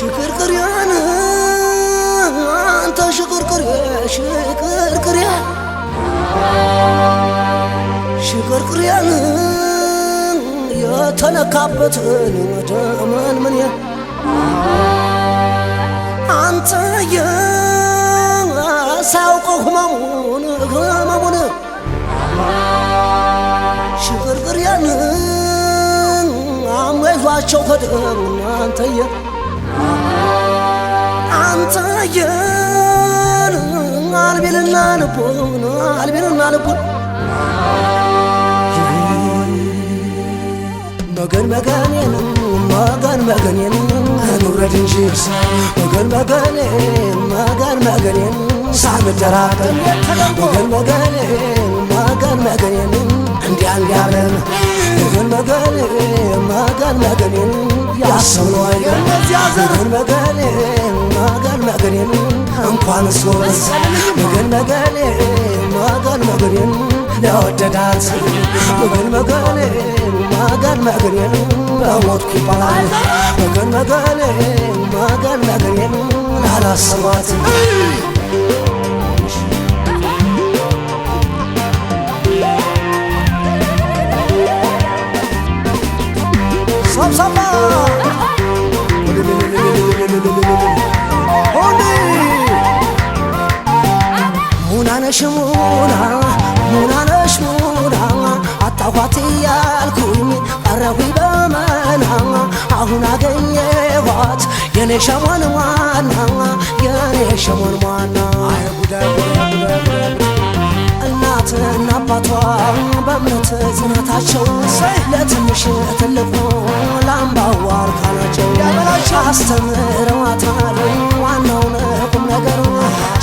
ሽክርክሬ አንተ ሽክርክሬ ሽክርክሬ ሽክርክሬን የተነካበትን ደመን ምን አንተ የሳውቀው ህመሙን ህመሙን ሽክርክሬን አሟይዟቸው ከደሙ እናንተየ አንተ የን አልቤልና ልቡን አልቤልና ልቡን መገን መገኔን መገን መገኔን ኑረድ እንጂ መገን መገኔን መገን መገኔን ሳንደራደር መገን መገኔን መገን መገኔን እንዲያ እንዲያለን መገን መገኔን መገን መገኔን መገን መገሌ ማጋል መገኔን እንኳን እሱ በዛ መገን መገሌ ማጋል መገኔን ለወደዳት መገን መገሌ ማጋል መገኔን በሞትኩ ይባላል መገን መገሌ ማጋል መገኔን ላላስባት Some, ሙናነሽ ሙና ሙናነሽ ሙና አጣኋት ያልኩኝ ቀረሁ በመና አሁን አገኘኋት የኔ ሸሞን ዋና የኔ ሸሞን ዋና እናት እና አባቷ በእምነት ጽናታቸው ለትንሽ ትልቁ ላምባዋር ያስተምረዋታል። ዋናው ነው ቁም ነገሩ።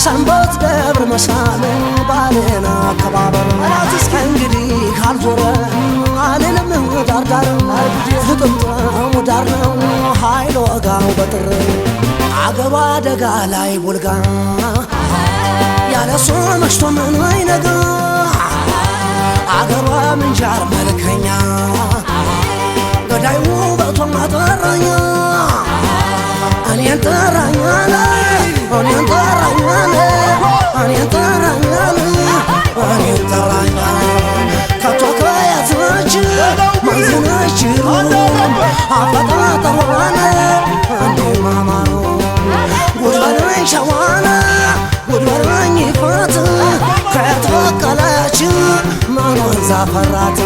ሰንበት ደብር መሳል ባሌን አከባበር እንግዲህ ካልዞረ አልልም ዳር ዳር ዳር ነው ኃይል ወጋው በጥር አገባ ደጋ ላይ ቦልጋ ያለሱ መሽቶ ምን አይነጋ አገባ ምንጃር መልከኛ ገዳይ ውበቷን አጠራኝ ተቋጠሯን አንዱ ማማሩ ጉድ በሉኝ ሸዋና ጉድ በሉኝ ይፋት ከተወቀለች ማኗን ዛፈራት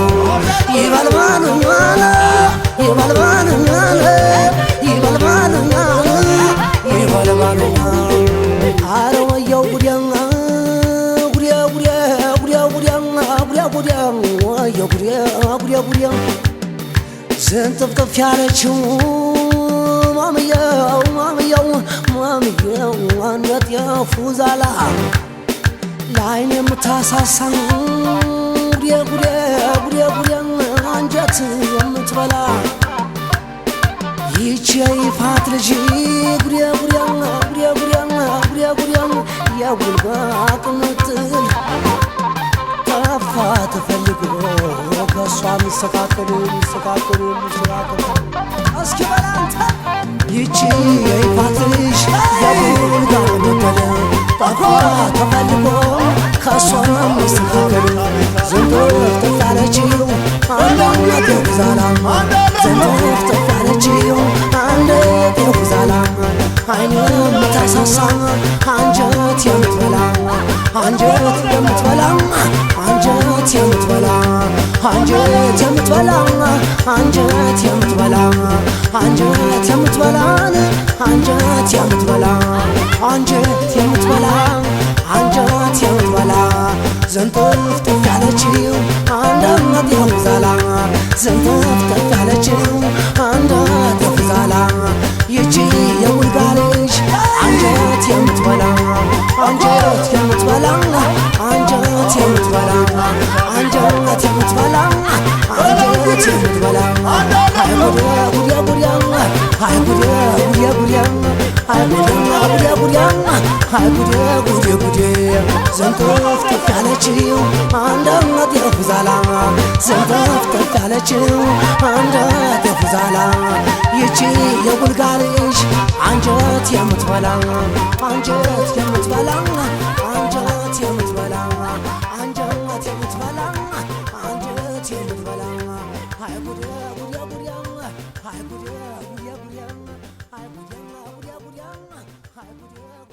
ይበልባልኛል ይበልባልኛል ይበልባልኛል ይበልባልኛል አረ ወየው ጉዲያ ጉዲያ ጉዲያ ጉዲያ ጉዲያ ጉዲያ ጉዲያ ወየው ጉዲያ ጉዲያ ጉዲያ ጥፍጥፍ ያለችው ማምየው ማምየው ማምየው አንገት የፉዛላ ለአይን የምታሳሳን ጉዴ ጉዴ ጉዴ ጉዴ አንጀት የምትበላ ይች የይፋት ልጅ ጉዴ ጉዴ ጉዴ ጉዴ ጉዴ ጉዴ የጉልባ ቅምጥል ተፋ ተፋ स्वामी सखा करूं सखा करूं सखा करूं उसके बाद ይቺ የይፋትሽ የቡል ጋር ነበረ ጣፏ ተፈልጎ ከሷም መስተካከሉ ዘንዶ ፍጥፋለችው አንዳንድ የጉዛላ ዘንዶ ፍጥፋለችው አንድ የጉዛላ አይኑ መታሳሳ አንጀት የ አንጀት የምትበላ አንጀት የምትበላ አንጀት የምትበላ አንጀት የምትበላ አንጀት የምትበላ አንጀት የምትበላ ዝንጥፍ ጥፍ ያለችው አንደበት ያውዛላ ዝንጥፍ ጥፍ ያለችው አንደበት ያውዛላ ይቺ የውልጋ ልጅ አንጀት የምትበላ አንጀት ጉዴ ጉዴ ጉዴ ዘንተፍ ከፍ ያለችው አንደበት የፉዛላ ዘንተፍ ከፍ ያለችው አንደበት የፉዛላ ይቺ የጉልጋ አንጀት የምትበላ አንጀት የምትበላ አንጀት የምትበላ አንጀት አንጀት የምትበላ